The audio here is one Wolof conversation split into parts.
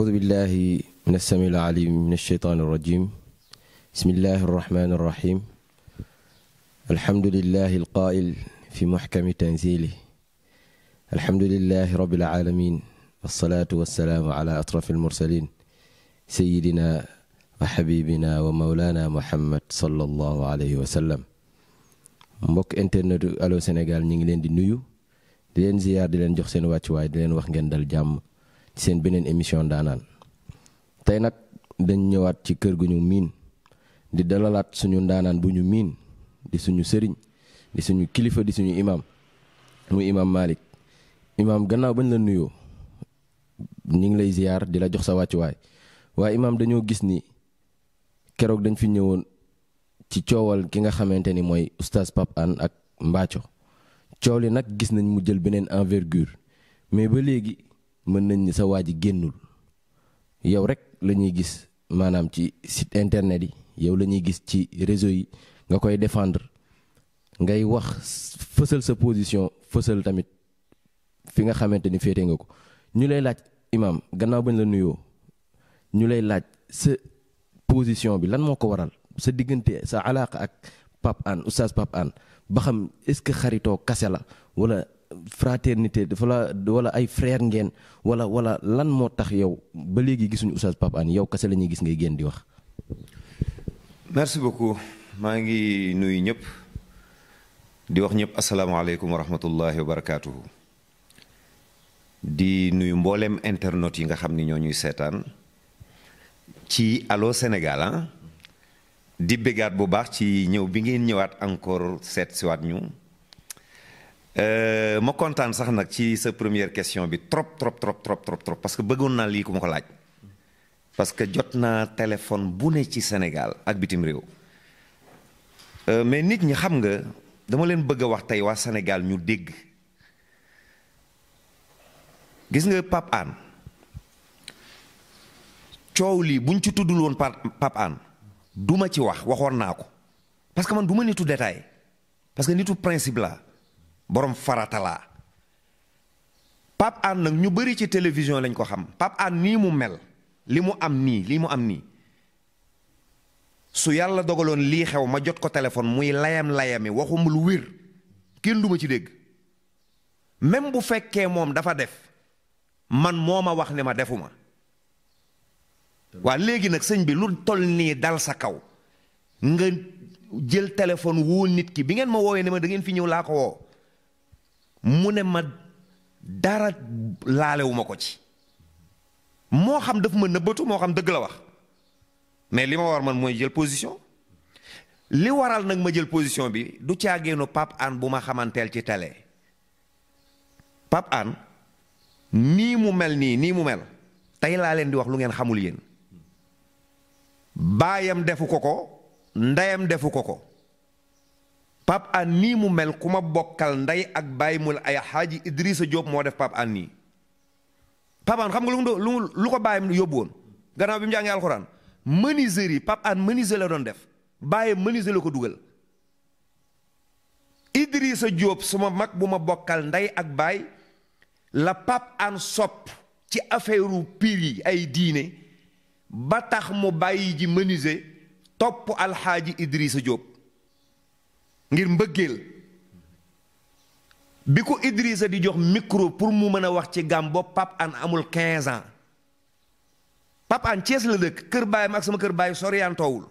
أعوذ بالله من السميع العليم من الشيطان الرجيم بسم الله الرحمن الرحيم الحمد لله القائل في محكم تنزيله الحمد لله رب العالمين والصلاة والسلام على أطرف المرسلين سيدنا وحبيبنا ومولانا محمد صلى الله عليه وسلم mbokk internet Allô Sénégal ñi ngi leen di nuyu di leen ziyaar di leen jox seen wàccuwaay di leen wax ngeen dal jàmm seen beneen émission ndaanaan tey nag dañ ñëwaat ci kër gu ñu miin di dalalaat suñu ndaanaan buñu miin di suñu sëriñ di suñu kilifa di suñu imaam mu imaam Malick imaam gannaaw bañ la nuyoo ñu ngi lay ziyaar di la jox sa wàccuwaay waaye imaam dañoo gis ni keroog dañ fi ñëwoon ci coowal ki nga xamante ni mooy oustaz Pape ak mbaaco coow li nag gis nañ mu jël beneen envergure mais ba léegi mën nañ ni sa waa ji génnul yow rek la ñuy gis maanaam ci site internet yi yow lañuy gis ci réseau yi nga koy défendre ngay wax fësal sa position fësal tamit fi nga xamante ni féete nga ko ñu lay laaj imaam gannaaw bañ la nuyoo ñu lay laaj sa position bi lan moo ko waral sa diggante sa alaaka ak Pape Hann oustaz Pape Hann ba xam est-ce que xaritoo kase la wala fraternité dafa la wala ay frère ngeen wala wala lan moo tax yow ba léegi gisuñu Oustaz Pape Hann yow kese la ñuy gis ngay génn di wax. merci beaucoup maa ngi nuyu ñëpp di wax ñëpp asalaamaaleykum wa rahmatullahi wa di nuyu mbooleem internet yi nga xam ni ñoo ñuy seetaan ci Allô Sénégal ah. di bégaat bu baax ci ñëw bi ngeen ñëwaat encore seet siwaat ñu. Euh, ma kontaan sax nag ci sa première question bi trop trop trop trop trop trop parce que bëggoon naa lii ku ma ko laaj parce que jot naa téléphone bu ne ci Sénégal ak bitim réew euh, mais nit ñi xam nga dama leen bëgg a wax tey waa Sénégal ñu dégg gis nga Pape coow lii buñ ci tuddul woon Pape Hann duma ci wax waxoon naa ko parce que man du ma nitu détail parce que nitu principe la borom faratalaa Pape Hann nag ñu bëri ci télévision lañ ko xam Pape Hann nii mu mel li mu am nii lii mu am nii su yàlla dogaloon lii xew ma jot ko téléphone muy layam-layami waxum lu wér kenn du ma ci dégg même bu fekkee moom dafa def man moo ma wax ni ma defuma waa léegi nag sëñ bi lu toll nii dal sa kaw nga jël téléphone woo nit ki bi ngeen ma woowee ne ma da ngeen fi ñëw laa ko woo mu ne ma dara laalewuma ko ci moo xam daf ma nëbbatu moo xam dëgg la wax mais li ma war man mooy jël position li waral nag ma jël position bi du caageenu Pape Hann bu ma xamanteel ci télé Pape Hann nii mu mel nii nii mu mel tey laa leen di wax lu ngeen xamul yéen baayam defu ko ko ndeyam defu ko ko Pape Hann nii mu mel ku ma bokkal ndey ak bàyyi mu la ay xaaji Idrissa Diop moo def Pape Hann nii Pape xam nga lu lu ko bàyyi yóbbu woon gannaaw bi mu jàngee alxuraan menuiserie yi Pape Hann menuisier la doon def bàyyi menuisier la ko dugal idri Idrissa Diop suma mag bu ma bokkal ndey ak baay la Pape Hann sopp ci affaireu piir yi ay diine ba tax mu bàyyi ji menuisier topp alxaaji Idrissa Diop ngir mbëggeel bi ko Idrissa di jox micro pour mu mën a wax ci gàm boobu Pape Hann amul 15 ans Pape Hann la dëkk kër baayam mag sama kër baay soriyantoowul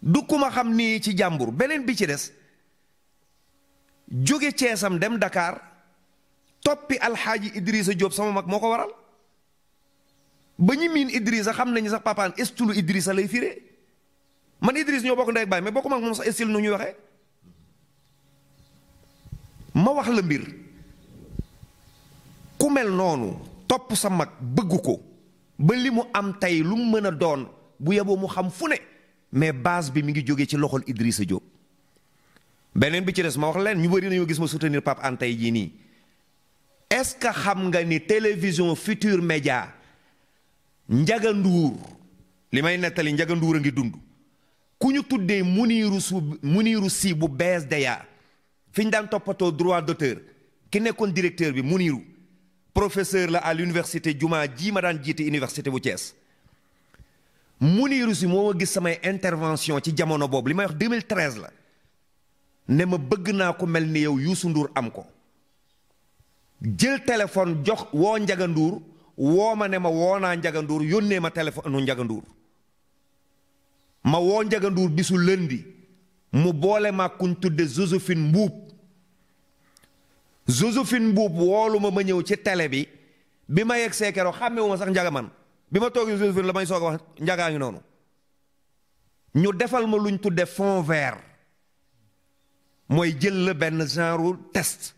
du ku ma xam nii ci jàmbur beneen bi ci des jóge Thièsam dem Dakar toppi alxaaji Idrissa Diop sama mag moo ko waral ba ñu miin Idrissa xam nañu sax Pape Hann estulu lay firé. man Idriss ñoo bokk ndey ak baay mais bokku ma ak moom sax style nu ñuy ma wax la mbir ku mel noonu topp sa mag bëgg ko ba li mu am tey lu mu mën a doon bu yeboo mu xam fu ne mais base bi mu ngi jóge ci loxol Idrissa Diop beneen bi ci des ma wax leen ñu bëri nañoo gis ma soutenir Pape An tey jii nii est-ce que xam nga ni télévision Futur Média Ndiaga Ndour li may nettali Ndiaga a ngi dund ku ñu tuddee muniiru su muniiru si bu bees dayaa fi ñu daan toppatoo droit docteur ki nekkoon directeur bi muniiru professeur la à l'université Juma ji ma daan jiite université bu Thiès muniiru si moo ma gis samay intervention ci jamono boobu li may wax 2013 la ne ma bëgg naa ko mel ni yow Youssou Ndour am ko jël téléphone jox woo Ndiaga Ndour woo ma ne ma woo naa Ndiaga yónnee ma téléphone nu Ndiaga ma woo Ndiaga Ndour bisu lëndi mu boole ma kuñ tudde Josephine Mbuub Josephine Mbuub woolu ma ma ñëw ci tele bi bi ma yegg see keroog xàmmewu ma sax Ndiaga man bi ma toogee Josephine la may soog a wax Ndiaga noonu ñu defal ma luñ tudde fond vert mooy jël la benn genre test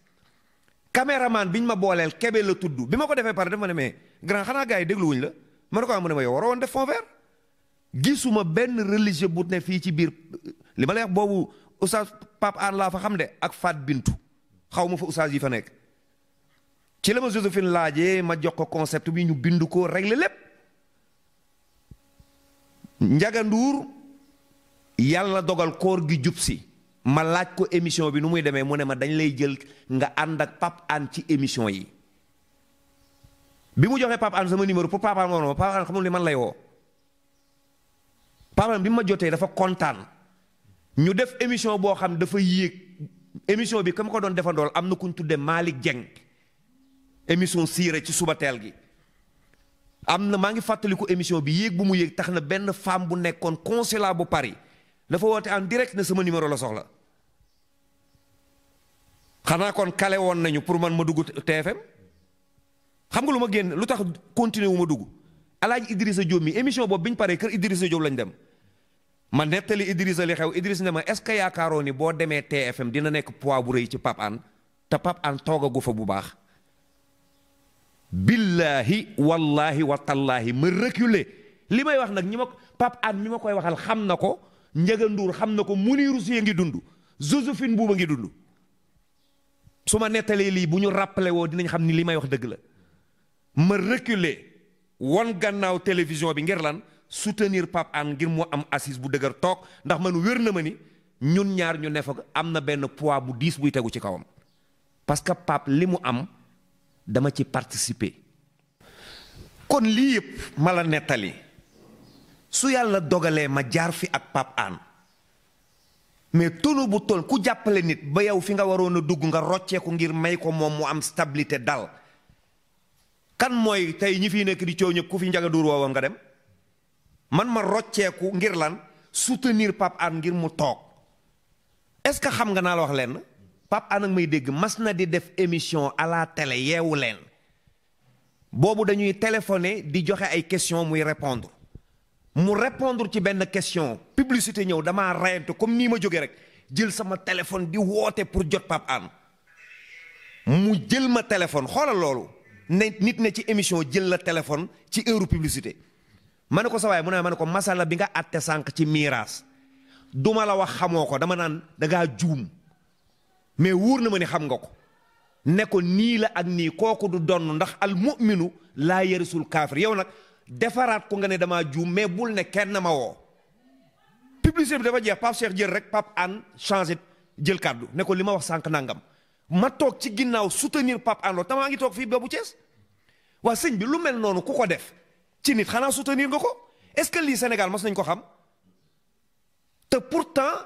bi ñu ma booleel kebe la tudd bi ma ko defee pare dafa ne mais grand xanaa gars yi dégluwuñ la man ne ko ah mu ne ma yow def fond gisuma benn religieux bu ne fii ci biir li boobu oustaz Pape An laa fa xam ne ak Fat Bintu xaw ma fa oustaz yi fa nekk ci la ma Josephine laajee ma jox ko concept bi ñu bind ko régler lépp njaganduur yàlla dogal koor gi jub si ma laaj ko émission bi nu muy demee mu ne ma dañ lay jël nga ànd ak Pape An ci émission yi bi mu joxee Pape An sama numéro pour Pape An moo ma Pape An xamul ni man lay woo parent bi ma jotee dafa kontaan ñu def émission boo xam dafa yéeg émission bi comme ko doon defandool am na ku ñu tuddee Malick Dieng émission ci suba teel gi am na maa ngi fàttaliku émission bi yéeg bu mu yéeg tax na benn femme bu nekkoon consulat bu Paris dafa woote en direct na sama numéro la soxla xanaa kon kale woon nañu pour man ma dugg TFM xam nga lu ma génn lu tax continuer wu ma dugg Alaaji Idrissa Diop mi émission boobu bi ñu paree kër Idrissa dem ma nettali Idrissa li xew Idriss ne ma est-ce que yaakaaroo ni boo demee TFM dina nekk poids bu rëy ci Pape te Pape Hann toogagu fa bu baax. billaahi wallaahi watallaahi ma reculer li may wax nag ñi ma Pape Hann mi ma koy waxal xam na ko njëganduur xam na ko Mounirou Sy ngi dund Josephine Bouba ngi dund su ma nettalee lii bu ñu rappelé woo dinañ xam ni li may wax dëgg la ma reculer won gannaaw télévision bi ngir lan. soutenir Pape Hann ngir mu am assise bu dëgër toog ndax man wér na ma ni ñun ñaar ñu ne fa am na benn poids bu diis buy tegu ci kawam parce que Pape li mu am dama ci participer. kon lii yëpp ma la nettali su yàlla dogalee ma jaar fi ak Pape Hann mais tonu bu toll ku jàppale nit ba yow fi nga waroon a dugg nga rocceeku ngir may ko moom mu am stabilité dal kan mooy tey ñi fi nekk di coow ñëpp ku fi njaga duur woowoon nga dem. man ma rocceeku ngir lan soutenir Pape Hann ngir mu toog est-ce que xam nga naa la wax leen Pape Hann ak may dégg mas na di def émission à la télé yeewu leen boobu dañuy téléphoner di joxe ay question muy répondre mu répondre ci benn question publicité ñëw damaa rayante comme nii ma jóge rek jël sama téléphone di woote pour jot Pape Hann mu jël ma téléphone xoolal loolu ne nit ne ci émission jël la téléphone ci heure publicité ma ne ko sa waay mu ne ma ne ko masala bi nga àtte sànq ci miiraas duma la wax xamoo ko dama naan dangaa juum mais wóor na ma ni xam nga ko ne nii la ak nii kooku du donn ndax al mu'minu laa yarisul kaafir yow nag defaraat ko nga ne damaa juum mais bul ne kenn ma woo publicité bi dafa jeex Pape Cheikh jël rek Pape An changé jël kaddu nekko li ma wax sànq nangam ma toog ci ginnaaw soutenir Pape An loolu tamaa ngi toog fii boobu Thiès waa sëñ bi lu mel noonu ku ko def ci nit xanaa soutenir nga ko est-ce que lii Sénégal mas nañ ko xam te pourtant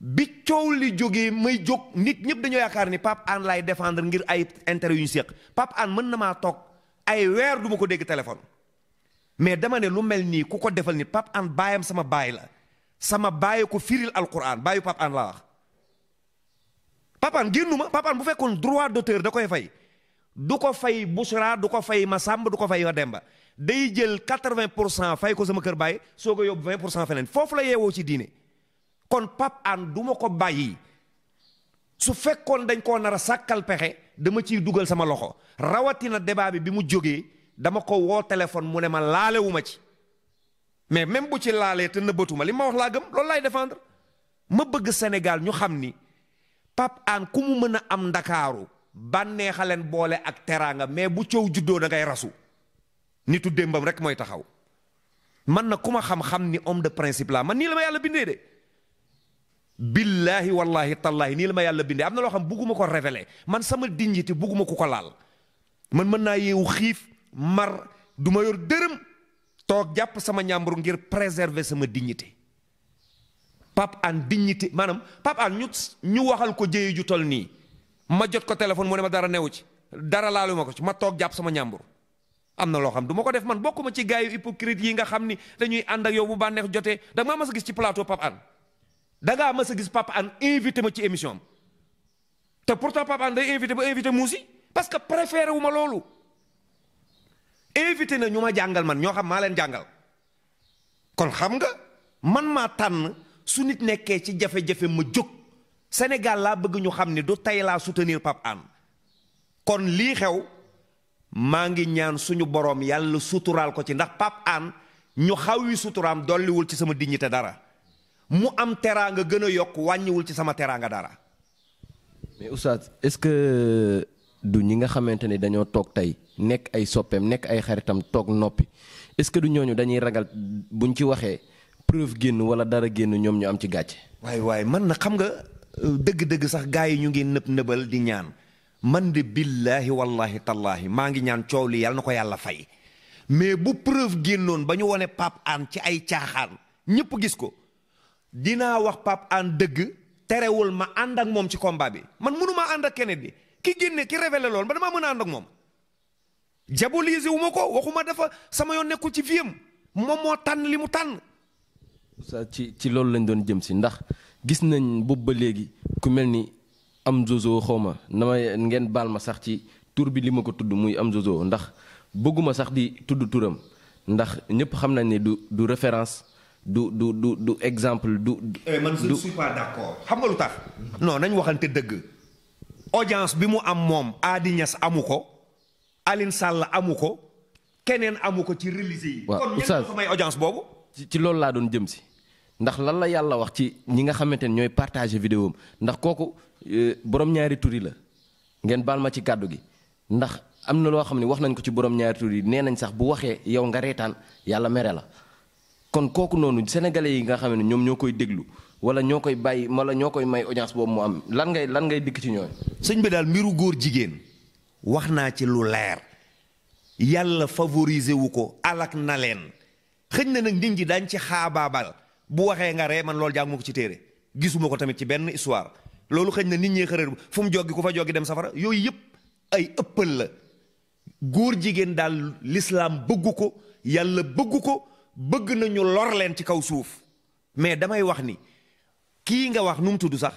bi coow li jógee may jóg nit ñëpp dañoo yaakaar ni Pape Hann lay défendre ngir ay intere yu ñu séq Pape mën na maa toog ay weer du ma ko dégg téléphone mais dama ne lu mel nii ku ko defal nit Pape Hann baayam sama baay la sama baay ko firil alquran baayu Pape Hann laa wax Pape Hann génnu ma Pape bu fekkoon droit d'auteur da koy fay du ko fay Bouchra du ko fay Massamba du ko fay Demba day jël quatre-vingt pour cent fay ko sama kër bàyyi soo ko yóbbu vingt pour cent feneen foofu la yeewoo ci diine kon Pape Hann du ma ko bàyyi su fekkoon dañ koo nar a sàkkal pexe dama ciy dugal sama loxo rawatina débat bi bi mu jógee dama ko woo téléphone mu ne ma laalewu ma ci mais même bu ci laalee te nëbbatuma li ma wax laa gëm loolu laay défendre ma bëgg Sénégal ñu xam ni Pape Hann ku mu mën a am ndakaaru bànneexaleen boole ak teraanga mais bu cëw juddoo da ngay rasu nitu démbam rek mooy taxaw man na ku ma xam-xam ni homme de principe laa man nii la ma yàlla bindee de billaahi wallahi tallaahi nii la ma yàlla bindee am na loo xam bugguma ko révélé man sama dignité bugguma ku ko laal man mën naa yeewu xiif mar duma yor dërëm toog jàpp sama ñàmbur ngir préserver sama dignité Pape Hann dignité maanaam Pape Hann ñu ñu waxal ko jëye ju toll nii ma jot ko téléphone moo ne ma dara newu ci dara laalu ma ko ci ma toog jàpp sama ñàmbur am na loo xam du ma ko def man bokkuma ci gaayu hypocrite yi nga xam ni dañuy ànd ak yow bu bànneex jotee da nga a gis ci plateau Pape Hann da ngaa mas a gis Pape Hann invité ma ci émission am te pourtant Pape Hann day invité ba invité muusi parce que préféré wu ma loolu invité na ñu ma jàngal man ñoo xam maa leen jàngal kon xam nga man maa tànn su nit nekkee ci jafe-jafe ma jóg Sénégal laa bëgg ñu xam ni du tey laa soutenir Pape Hann kon lii xew maa ngi ñaan suñu boroom yàlla suturaal ko ci ndax Pape Hann ñu xawwi suturaam dolliwul ci sama dignité dara mu am teraanga gën a yokk wàññiwul ci sama teraanga dara. mais oustaz est-ce que du ñi nga xamante ni dañoo toog tey nekk ay soppeem nekk ay xaritam toog noppi est-ce que du ñooñu dañuy ragal bu buñ ci waxee preuve génn wala dara génn ñoom ñu am ci gàcce. waay waay man na xam nga euh, dëgg-dëgg sax gaa yi ñu ngi nëb nëbal di ñaan. man de billaahi wallahi tallaahi maa ngi ñaan coow li yàlla na ko yàlla fay mais bu preuve génnoon ba ñu wone Pape Hann ci ay caaxaan ñëpp gis ko dinaa wax Pape Hann dëgg terewul ma ànd ak moom ci combat bi man mënuma ànd ak keneen bi ki génne ki révélé lool ba damaa mën a ànd ak moom diaboliser wu ma ko waxuma dafa sama yoon nekkul ci fiem moom moo tànn li mu tànn sa ci ci loolu lañ doon jëm si ndax gis nañ boobu ba léegi ku mel ni am zozo xaw ma na may ngeen baal ma sax ci tur bi li ma ko tudd muy am zozo ndax bëgguma sax di tudd turam ndax ñëpp xam nañ ne du du référence du du du du exemple du. du eh, man je ne suis pas xam nga lu tax. non nañ waxante dëgg. audience bi mu am moom Adi amu ko Aline Sall amu ko keneen amu ko ci réalisé yi. waaw kon ñenn may audience boobu. ci loolu laa doon jëm si. ndax lan la yàlla wax ci ñi nga xamante ne ñooy partage vidéo ndax kooku euh, borom ñaari tur la ngeen baal ma ci kàddu gi ndax am na loo xam ne wax nañ ko ci borom ñaari tur yi nee nañ sax bu waxee yow nga reetaan yàlla mere la. kon kooku noonu sénégalais yi nga xam ne ñoom ñoo koy déglu wala ñoo koy bàyyi wala ñoo koy may audience boobu mu am lan ngay lan ngay dikk ci ñooy sëñ bi daal mbiru góor jigéen wax naa ci lu leer yàlla favoriser wu ko alak na leen bu waxee nga ree man loolu jànguma ko ci téere gisuma ko tamit ci benn histoire loolu xëñ na nit ñee xërër fu mu joggi ku fa joggi dem safara yooyu yëpp ay ëppal la góor jigéen daal lislaam bëggu ko yàlla bëggu ko bëgg nañu lor leen ci kaw suuf mais damay wax ni kii nga wax nu mu tudd sax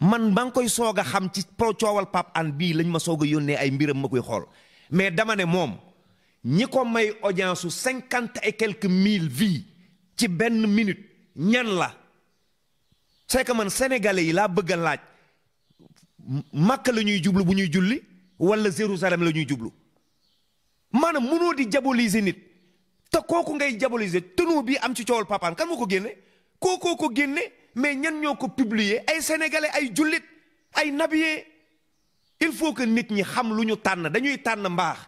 man maa ngi koy soog a xam ci coowal Pape Hann bii lañ ma soog a yónnee ay mbiram ma koy xool mais dama ne moom ñi ko may audience su cinquante et mille vies ci benn minute ñan la c'est que man sénégalais yi laa bëgg a laaj Makka lañuy jublu bu ñuy julli wala Jérusalem la ñuy jublu maanaam mënoo di diaboliser nit te kooku ngay diaboliser tënoo bii am ci coowal papaam kan moo ko génne kookoo ko génne mais ñan ñoo ko publier ay sénégalais ay jullit ay nabiyee il faut que nit ñi xam lu ñu tànn dañuy tànn mbaax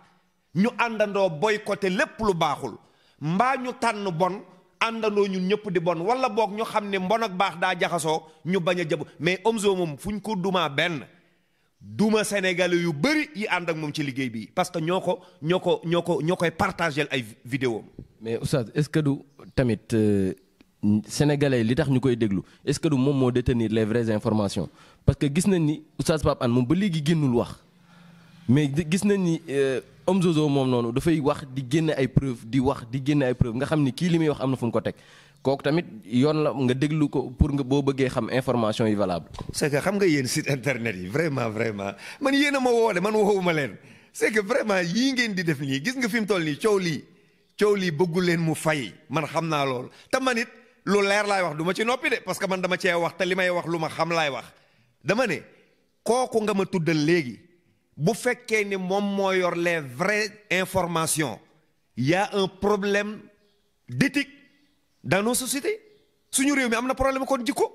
ñu àndandoo boy boycotter lépp lu baaxul mbaa ñu tànn bon àndandoo ñun ñëpp di bon wala boog ñu xam ne mbon ak baax daa jaxasoo ñu bañ a jëb mais omso moom fu ñu ko dumaa benn duma sénégalais yu bëri yi ànd ak moom ci liggéey bi parce que ñoo ko ñoo ko ñoo ko ñoo koy partagel ay vidéo mais oustaz est-ce que du tamit euh, sénégalais li tax ñu koy déglu est-ce que moom moo détenir les vraies informations parce que gis nañ ni oustaz Pape Hann moom ba léegi génnul wax mais gis nañ ni euh, Om Zozo moom noonu dafay wax di génne ay preuve di wax di génne ay preuve nga xam ni kii li muy wax am na fu mu ko teg kooku tamit yoon la nga déglu ko pour nga boo bëggee xam information yi valable. c'est que xam nga yéen si internet yi vraiment vraiment man yéen a ma woo de man woowuma leen c'est que vraiment yii ngeen di def nii gis nga fi mu toll nii coow lii coow lii bëggu leen mu fay man xam naa loolu te man it lu leer laay wax duma ci noppi parce que man dama cee wax te li may wax lu ma xam laay wax dama ne kooku nga ma tuddal léegi. bu fekkee ni moom moo yor les vraies informations y un problème d'éthique dans nos sociétés suñu réew mi am na problème kon jikko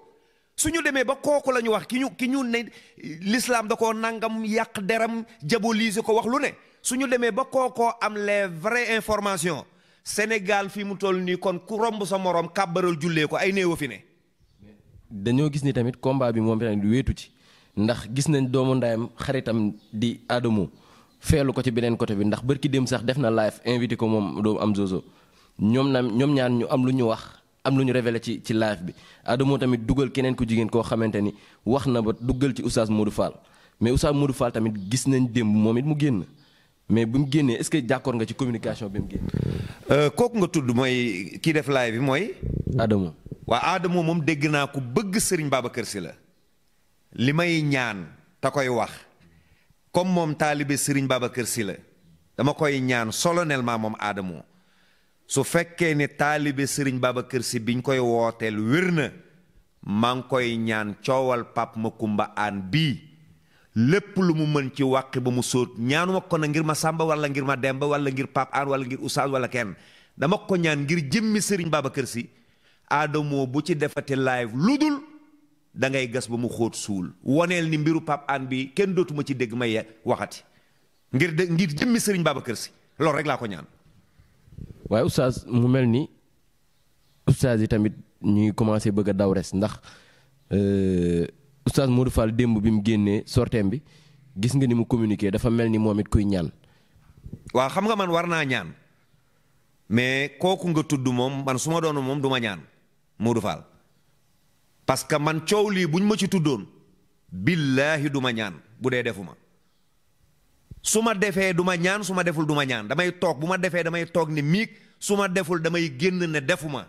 suñu demee ba kooku la ñu wax ki ñu ki ñu ne lislaam da koo nangam yàq deram diaboliser ko wax lu ne su ñu demee ba kookoo am les vraies informations Sénégal fii mu toll nii kon ku romb sa morom kàbbaral jullee ko ay néew a fi ne. dañoo gis ni tamit combat bi moom tamit wéetu ci. ndax gis nañ doomu ndayam xaritam di Adamo feelu ko ci beneen côté bi ndax bërki dem sax def na live invité ko moom doomu am zozo ñoom naam ñoom ñaan ñu am lu ñu wax am lu ñu révélé ci ci live bi Adamo tamit dugal keneen ku jigéen koo xamante ni wax na ba dugal ci Oustaz Modou Fall mais Oustaz Modou Fall tamit gis nañ démb moom it mu génn mais bu mu génnee est-ce que d'accord nga ci communication bi mu génn. Euh, kooku nga tudd mooy kii def live bi mooy. Adamo waa Adamo moom dégg naa ku bëgg Serigne Babacar Sy la. li may ñaan ta koy wax comme moom sëriñ Serigne kër si la dama koy ñaan solennellement moom Adamo su fekkee ni ne sëriñ Serigne kër si biñ koy wooteel wér na maa ngi koy ñaan coowal ma Makumba aan bii lépp lu mu mën ci wàqi ba mu sóot ñaanuma ko na ngir ma sàmba wala ngir ma demba wala ngir Pape aan wala ngir Oustaz wala kenn dama ko ñaan ngir jëmmi Serigne kër Sy Adamo bu ci defati live lu dul da ngay gas ba mu xóot suul woneel ni mbiru Pape an bi kenn dootuma ci dégg may waxati ngir de ngir jëmmi sëriñ kër Si loolu rek laa ko ñaan. waaye oustaz mu mel ni oustaz yi tamit ñu ngi commencé bëgg a daw res ndax euh, oustaz Modou Fall démb bi mu génnee sorteem bi gis nga ni mu communiqué dafa mel ni moom it kuy ñaan. waaw xam nga man war naa ñaan mais kooku nga tudd moom man su ma doon moom du ma ñaan Modou Fall parce que man coow lii bu ñu ma ci tuddoon billaahi du ma ñaan bu dee defuma su ma defee du ma ñaan suma deful du ma ñaan damay toog bu ma defee damay toog ni miig su ma deful damay génn ne defuma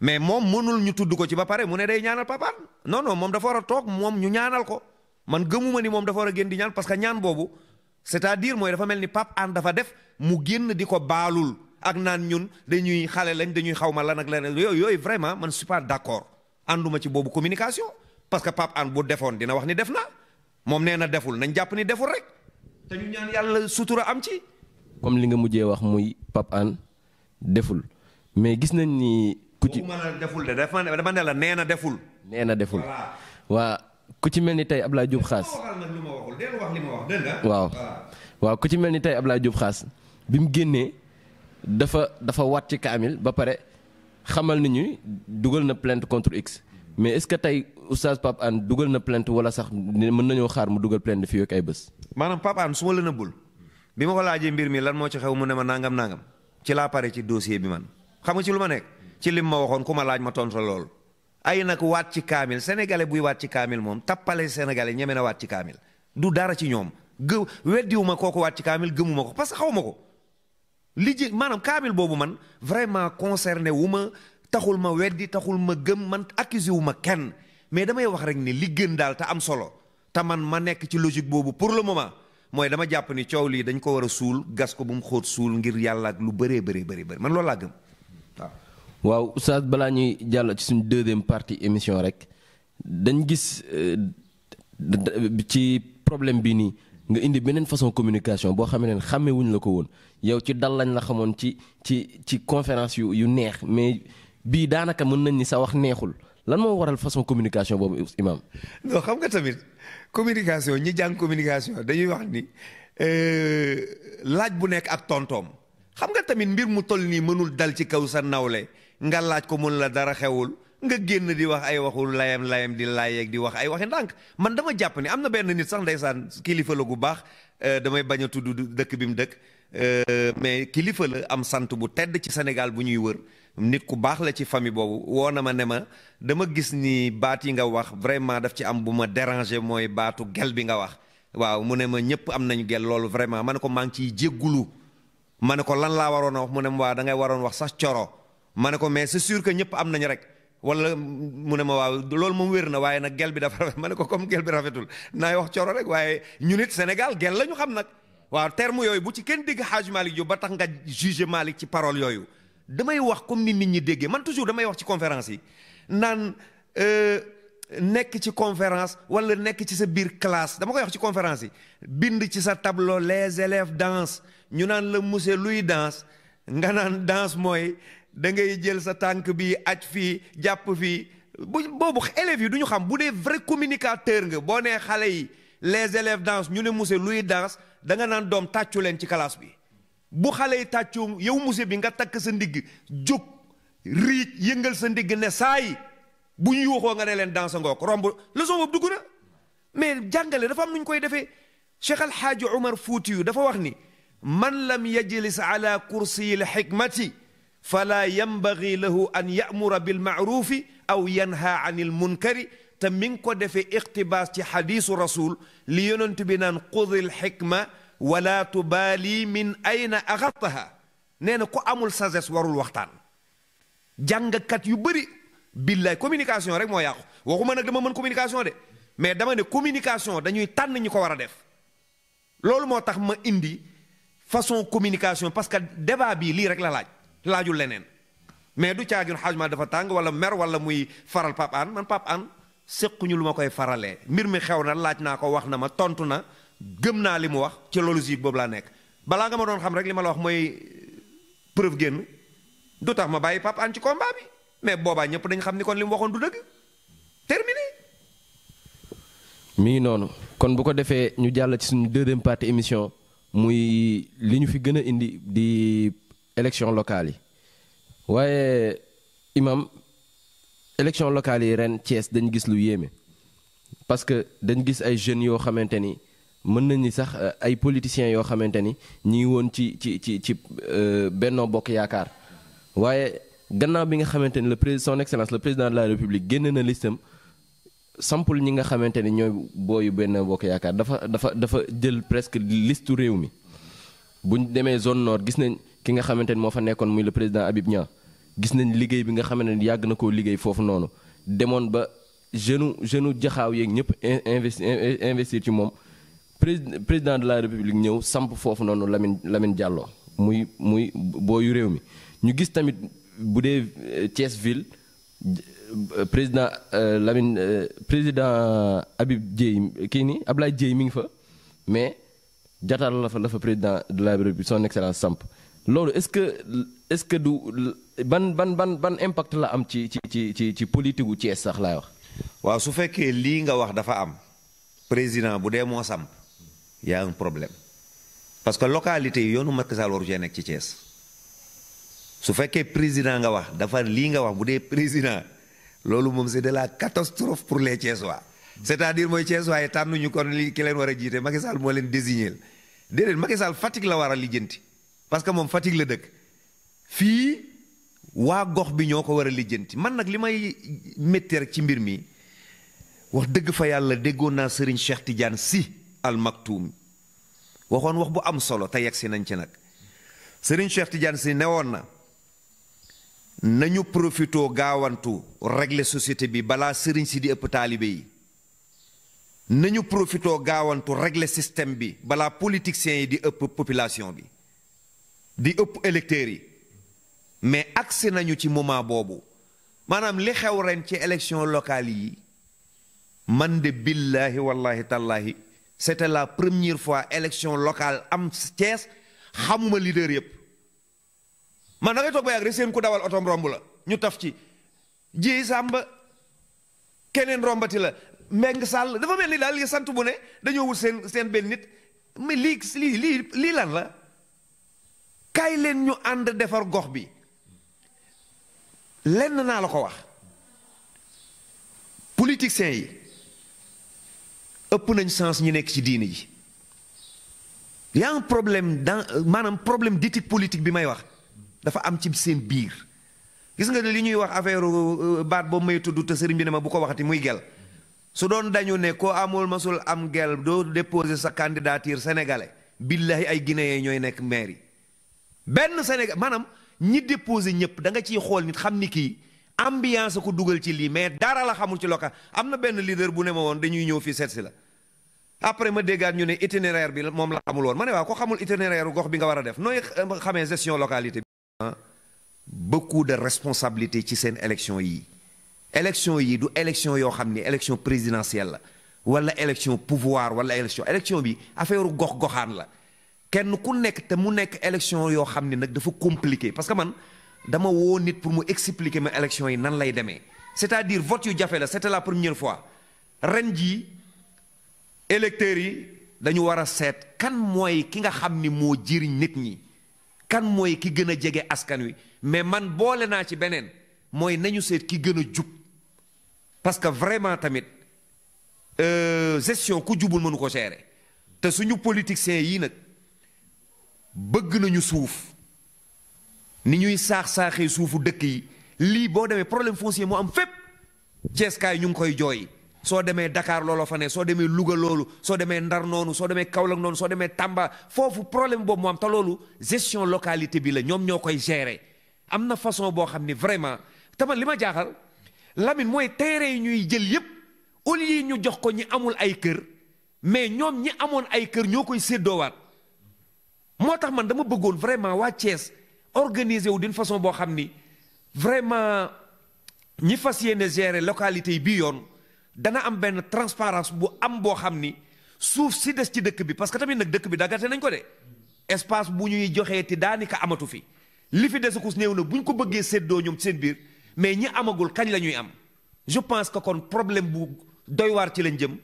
mais moom mënul ñu tudd ko ci ba pare mu ne day ñaanal papaam non non moom dafa war a toog moom ñu ñaanal ko man gëmuma ni moom dafa war a génn di ñaan parce que ñaan boobu c'est-à-dire mooy dafa mel ni Pape Hann dafa def mu génn di ko baalul ak naan ñun dañuy xale lañ dañuy xaw ma lan ak leneen yooyu yooyu man je suis pas ànduma ci boobu communication parce que Pape Hann bu defoon dina wax ni def na moom nee na deful nañ jàpp ni deful rek te ñu ñaan yàlla sutura am ci. comme li nga mujjee wax muy Pape deful mais gis nañ ni. ku ci deful de dafa dama ne la nee na deful. nee na deful waa ku ci mel ni tey Abdoulaye Diop Khass. waaw waaw ku ci mel ni tey Abdoulaye Diop Khass bi mu génnee dafa dafa wat ci kaamil ba pare. xamal ni ñu dugal na plainte contre X mais est-ce que tey oustaz Pape Hann dugal na plainte wala sax mën nañoo xaar mu dugal plainte fii ak ay bés. maanaam Pape Hann su ma la nëbbul bi ma ko laajee mbir mi lan moo ci xew mu ne ma nangam nangam ci laa pare ci dossier bi man xam nga ci lu ma nekk ci lim ma waxoon ku ma laaj ma tontu lool. ay nag waat ci kaamil sénégalais buy waat ci kaamil moom tappale sénégalais ñeme na waat ci kaamil du dara ci ñoom gë weddiwuma kooku waat ci kaamil gëmuma ko parce que xaw ma ko li ji kaamil boobu man vraiment concerné wu ma taxul ma weddi taxul ma gëm man accusé wu ma kenn mais damay wax rek ni li gën daal te am solo te man ma nekk ci logique boobu pour le moment mooy dama jàpp ni coow lii dañ ko war a suul gas ko bu mu xóot suul ngir yàlla ak lu bëree bëree bëri man loolu laa gëm waaw. waaw oustaz balaa ñuy jàll ci suñu deuxième partie émission rek dañ gis euh, ci problème bi nii nga indi beneen façon communication boo xam ne xàmmee wuñ la ko woon yow ci dal lañ la xamoon ci ci ci conférence yu yu neex mais bii daanaka mën nañ ni sa wax neexul lan moo waral façon communication boobu imam non xam nga tamit communication ñi jàng communication dañuy wax ni euh, laaj bu nekk ak tontoom xam nga tamit mbir mu toll nii mënul dal ci kaw sa nawle nga laaj ko mën la dara xewul nga génn di wax ay waxul layam layam di layeeg di wax ay waxi ndànk man dama jàpp ni am na benn nit sax ndeysaan kilifa la gu baax euh, damay bañ tudd dëkk bi mu dëkk Euh, mais kilifa la am sant bu tedd ci Sénégal bu ñuy wër nit ku baax la ci famille boobu woo na ma ne ma dama gis ni baat yi nga wax vraiment daf ci am bu ma déranger mooy baatu gel bi nga wax waaw mu ne ma ñëpp am nañu gel loolu vraiment ma ne ko maa ngi ciy jéggulu ma ne ko lan laa waroon a wax mu waa da waroon wax sax coro ma ne ko mais c'est sûr que ñëpp am nañ rek wala mu ne ma waaw loolu moom wér na waaye nag gel bi dafa rafet ma ne ko comme gel bi rafetul naay wax coro rek waaye ñu it Sénégal gel la ñu xam nag waaw terme yooyu bu ci kenn dégg xaaju Malick Diop ba tax nga juge Malick ci parole yooyu damay wax comme ni nit ñi déggee man toujours damay wax ci conférence yi naan euh, nekk ci conférence wala nekk ci sa biir classe dama koy wax ci conférence yi bind ci sa tableau les élèves danse ñu naan la monsieur luy danse nga naan danse mooy da ngay jël sa tànk bi aj fii jàpp fi bu boobu élèves yi du ñu xam bu dee vrai communicateur nga boo nee xale yi les élèves danse ñu ne monsieur luy danse da nga naan doom tàccu leen ci classe bi bu xale yi tàccu yow monsieur bi nga takk sa ndigg jóg riij yëngal sa ndigg ne saay bu ñu yuuxoo nga ne leen dansa ngoog romb leçon boobu dugg na mais jàngale dafa am nu koy defee Cheikh Al Hadj Omar dafa wax ni man lam yajlis ala kursiyi l xikmati fala yambagi lahu an yamura bilmaarufi aw yanha an il te mi ngi ko defee iqtibaas ci xadiisu rasul li yonent bi naan xudil xikma wala tubaali min ayna axataha nee na ko amul sagesse warul waxtaan kat yu bëri billaay communication rek moo yàqu waxuma nag dama mën communication de mais dama ne communication dañuy tànn ñi ko war a def loolu moo tax ma indi façon communication parce que débat bii lii rek la laaj laajul leneen mais du caagin xaaj ma dafa tàng wala mer wala muy faral Pape Hann man Pape séquñu lu ma koy faralee mbir mi xew na laaj naa ko wax na ma tontu na gëm naa li mu wax ci lologie boobu laa nekk balaa nga ma doon xam rek li ma la wax mooy preuve génn du tax ma bàyyi Pape Hann ci combat bi mais boobaa ñëpp dañ xam ni kon li mu waxoon du dëgg terminé. mi ngi noonu kon bu ko defee ñu jàll ci suñu deuxième partie émission muy li ñu fi gën a indi di élection locale yi waaye imam élection locale yi ren Thiès dañ gis lu yéeme parce que dañ gis ay jeunes yoo xamante ni mën nañ ni sax euh, ay politiciens yoo xamante ni ñi ngi woon ci ci ci ci euh, Benno Bokk Yaakaar waaye gannaaw bi nga xamante ni le président son excellence le président de la république génn na listam sampul ñi nga xamante ni ñooy booyu Benno Bokk Yaakaar dafa dafa dafa jël presque listu réew mi buñ demee zone nord gis nañ ki nga xamante ni moo fa nekkoon muy le président Habib Niang gis nañ liggéey bi nga xam ne yàgg na ko liggéey foofu noonu demoon ba jeune jeune jaxaaw yeeg ñëpp investi investir ci moom président de la république ñëw samp foofu noonu lamin lamin jàlloo muy muy booyu réew mi ñu gis tamit bu dee euh, Thiès ville euh, président euh, lamin président Habib Dieye kii nii ab Ablaye Dieye mi ngi fa mais jatal la fa la fa président de la république son excellence samp loolu est-ce que est-ce que du ban ban ban ban impact la am ci ci ci ci ci politique gu Thiès sax laay wax. waaw su fekkee lii nga wax dafa am président bu dee moo samp yaa a problème parce que localité yi yoonu Macky Sall waru cee nekk ci cees su fekkee président nga wax dafa lii nga wax bu dee président loolu moom c'est de la catastrophe pour les Thiessois. c'est-à-dire mooy Thiès waaye tànnuñu kon li ki leen war a jiite Macky Sall moo leen désigné déedéet Macky Sall Fatick la war a lijjanti. parce que moom Fatick la dëkk fii waa gox bi ñoo ko war a lijjanti man nag li may métti rek ci mbir mi wax dëgg fa yàlla déggoon naa Serigne Cheikh Tidiane si Al waxoon wax bu am solo te yegg si nañ ci nag sëriñ Cheikh Tidiane Sy newoon na nañu profitoo gaawantu régler société bi balaa Serigne si di ëpp taalibe yi nañu profitoo gaawantu régler système bi balaa politiciens yi di ëpp population bi. di ëpp électeurs yi mais agsi nañu ci moment boobu maanaam li xew ren ci élection locale yi man de billahi wallahi tallahi c'était la première fois élection locale am Thiès xamuma leader yépp man da toog ba yàgg rek seen ku dawal otom romb la ñu taf ci ji sàmba keneen rombati la mbeng sàll dafa mel ni daal li sant bu ne dañoo wut seen seen benn nit mi lii lii lii lii lan la kaay leen ñu ànd defar gox bi lenn naa la ko wax politiciens yi ëpp nañ sens ñu nekk ci diini ji y a problème dans maanaam problème d'éthique politique bi may wax dafa am ci seen biir gis nga li ñuy wax affaire euh, baat boobu may tudd te sëriñ bi ne ma bu ko waxati muy gel su doon dañu ne koo amul masul am gel doo déposer sa candidature sénégalais billahi ay guinéen ñooy nekk maire yi benn Sénégal maanaam ñi déposé ñëpp danga ciy xool nit xam ni kii ambiance ko dugal ci lii mais dara la xamul ci local am na benn leader bu ne ma woon dañuy ñëw fii seet la. après ma déggaat ñu ne itinéraire bi moom la xamul woon ma ne waa ko xamul itinéraire gox bi nga war a def nooy xamee gestion localité bi. Ah, beaucoup de responsabilité ci seen élection yii élection yii du élection yoo xam ni élection présidentielle la wala élection pouvoir wala élection élection bi affaire gox goxaan la. kenn ku nekk te mu nekk élection yoo xam ni nag dafa compliqué parce que man dama woo nit pour mu expliquer ma élection yi nan lay demee c'est-à-dire vote yu jafe la c'était la première fois ren jii électeurs yi dañu war a seet kan mooy ki nga xam ni moo jiriñ nit ñi kan mooy ki gën a jege askan wi mais man boole naa ci beneen mooy nañu seet ki gën a jub parce que vraiment tamit euh, gestion ku jubul mënu ko gérer te suñu politiciens yii nag bëgg nañu suuf ni ñuy saax-saaxee suufu dëkk yi lii boo demee problème foncier mu am fépp ceeskaay ñu ngi koy jooy soo demee dakaar looloo fa ne soo demee Louga loolu soo demee Ndar noonu soo demee Kaolack noonu soo demee Tamba foofu problème boobu moo am te loolu gestion localité bi la ñoom ñoo koy gérer am na façon boo xam ne vraiment te man li ma jaaxal Lamine mooy terrain yi ñuy jël yépp au lieu ñu jox ko ñi amul ay kër mais ñoom ñi amoon ay kër ñoo koy séddoowaat moo tax man dama bëggoon vraiment waa Thiès organiser wu d'une façon boo xam ni vraiment ñi fas yéene gérer localité yi bii yoon dana am benn transparence bu am boo xam ni suuf si des ci dëkk bi parce que tamit nag dëkk bi daggate nañ ko de espace bu ñuy joxee ti daanaka amatu fi li fi desakus néew na bu ñu ko bëggee séddoo ñoom seen biir mais ñi amagul kañ la ñuy am je pense que kon problème bu doy waar ci lañ jëm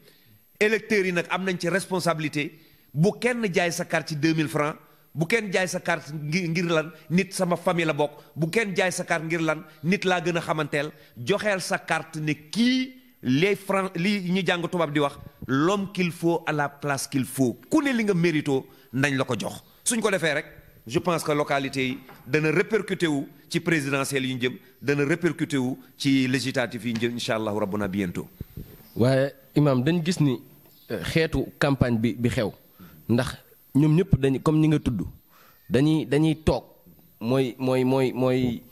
électeurs yi nag am nañ ci responsabilité bu kenn jaay sa carte ci 2000 francs bu kenn jaay sa carte ngir lan nit sama famille la bokk bu kenn jaay sa carte ngir lan nit laa gën a xamanteel joxeel sa carte ne kii les francs li ñu jàng tubaab di wax lom qu'il faut à la place qu'il faut ku ne li nga mérito nañ la ko jox suñ ko defee rek je pense que localité yi dana répercuté wu ci présidentielle yi ñu jëm dana répercuté wu ci législatif yi ñu jëm incha allahu rabbuna bientôt waaye imaam dañ gis ni euh, xeetu campagne bi bi xew ndax ñoom ñëpp dañu comme ni nga tudd dañuy dañuy toog mooy mooy mooy mooy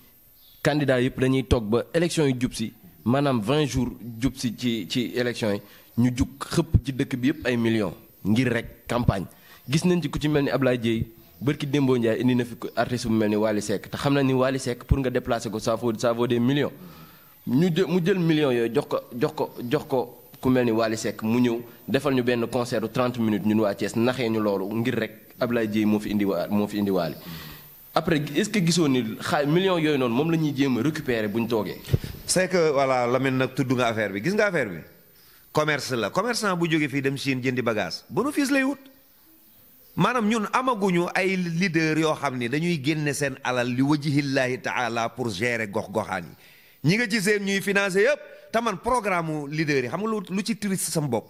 candidat yëpp dañuy toog ba élection yi jub si maanaam 20 jours jub si ci ci élection yi ñu jug xëpp ci dëkk bi yëpp ay millions ngir rek campagne gis nañ ci ku ci mel ni ab laa Dieye bërki Dembo Ndiaye indi na fi artiste bu mel ni Wally sekk te xam na ni Wally sekk pour nga déplacer ko ça vaut ça vaut des millions ñu jël mu jël millions yooyu jox ko jox ko jox ko ku mel ni Wally Seck mu ñëw defal ñu benn concert bu 30 minutes ñun waa Thiès naxee ñu loolu ngir rek Ablaye Dieye moo fi indi moo fi indi Wally après est-ce que gisoo ni xaa millions yooyu noonu moom la ñuy jéem a récupérer bu ñu toogee. c'est que voilà la mel nag tudd nga affaire bi gis nga affaire bi commerce la commerçant bu jógee fii dem Chine jëndi bagage bénéfice lay wut. maanaam ñun amaguñu ay leader yoo xam ni dañuy génne seen alal li wajihillaahi taala pour gérer gox-goxaan yi. ñi nga ci seen ñuy financé yëpp te man programme mu leader yi xam nga lu ci triste sama bopp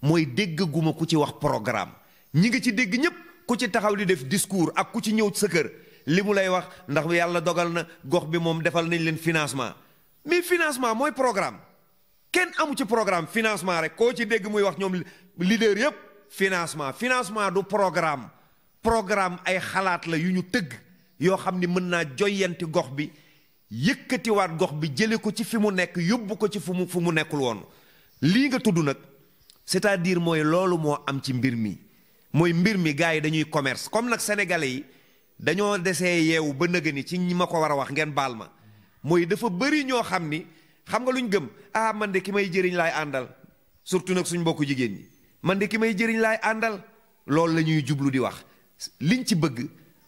mooy dégg guma ku ci wax programme ñi nga ci dégg ñëpp ku ci taxaw di def discours ak ku ci ñëw sa kër li mu lay wax ndax yàlla dogal na gox bi moom defal nañ leen financement mais financement mooy programme kenn amu ci programme financement rek koo ci dégg muy wax ñoom leader yëpp financement financement du programme programme ay xalaat la yu ñu tëgg yoo xam ni mën naa joyanti gox bi yëkkatiwaat gox bi jële ko ci fi mu nekk yóbbu ko ci fu mu fu mu nekkul woon lii nga tudd nag c'est-à-dire mooy loolu moo am ci mbir mi mooy mbir mi gars yi dañuy commerce comme nag sénégalais yi dañoo desee yeewu ba nëga ci ñi ma ko war a wax ngeen baal ma mooy dafa bëri ñoo xam ni xam nga lu ñu gëm ah man de ki may jëriñ laay àndal surtout nag suñ bokk jigéen ñi man de ki may jëriñ laay àndal loolu la ñuy jublu di wax liñ ci bëgg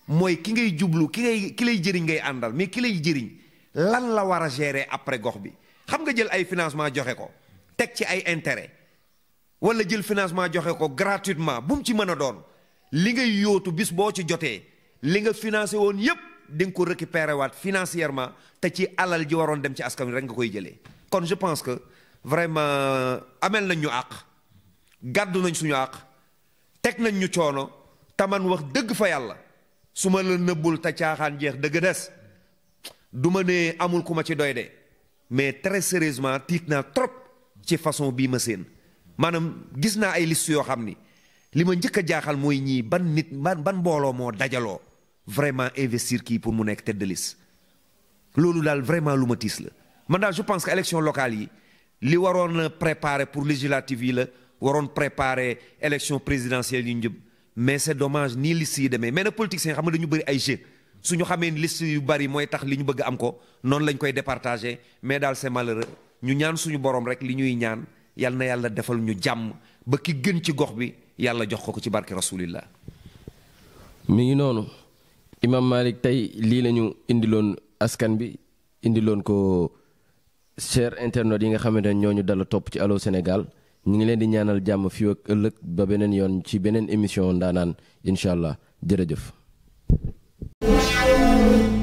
mooy ki ngay jublu ki ngay ki lay jëriñ ngay àndal mais ki jëriñ lan la war a gérer après gox bi xam nga jël ay financement joxe ko teg ci ay intérêt wala jël financement joxe ko gratuitement bu mu ci mën a doon li ngay yootu bis boo ci jotee li nga financé woon yépp di nga ko récupérer financièrement te ci alal ji waroon dem ci askan mi rek nga koy jëlee kon je pense que vraiment amel nañ ñu àq gàddu nañ suñu àq teg nañ ñu coono te man wax dëgg fa yàlla su ma la nëbbul te caaxaan jeex dëgg des du ma ne amul ku ma ci doy de mais très sérieusement tiit naa trop ci façon bii ma seen maanaam gis naa ay liste yoo xam ni li ma njëkk a jaaxal mooy ñii ban nit ban ban mbooloo moo dajaloo vraiment investir kii pour mu nekk tête de loolu daal vraiment lu ma tiis la man daal je pense que élection locale yi li waroon prépare pour législative yi la waroon prépare élection présidentielle yu ñu jëm mais c'est dommage nii liste yi demee mais nag politiciens xam nga dañu bëri ay jeu su ñu xamee list yu bari mooy tax li ñu bëgg am ko noonu lañ koy départager mais daal c'est ñu ñaan suñu borom rek li ñuy ñaan yal na yàlla defal ñu jàmm ba ki gën ci gox bi yàlla jox ko ko ci barke rasulillah mu ngi noonu Imam Malick tey lii lañu indiloon askan bi indiloon ko chers internautes yi nga xamante ne ñooñu dala topp ci Allô Sénégal ñu ngi leen di ñaanal jàmm fii ak ëllëg ba beneen yoon ci beneen émission ndaanaan incha allah jërëjëf Música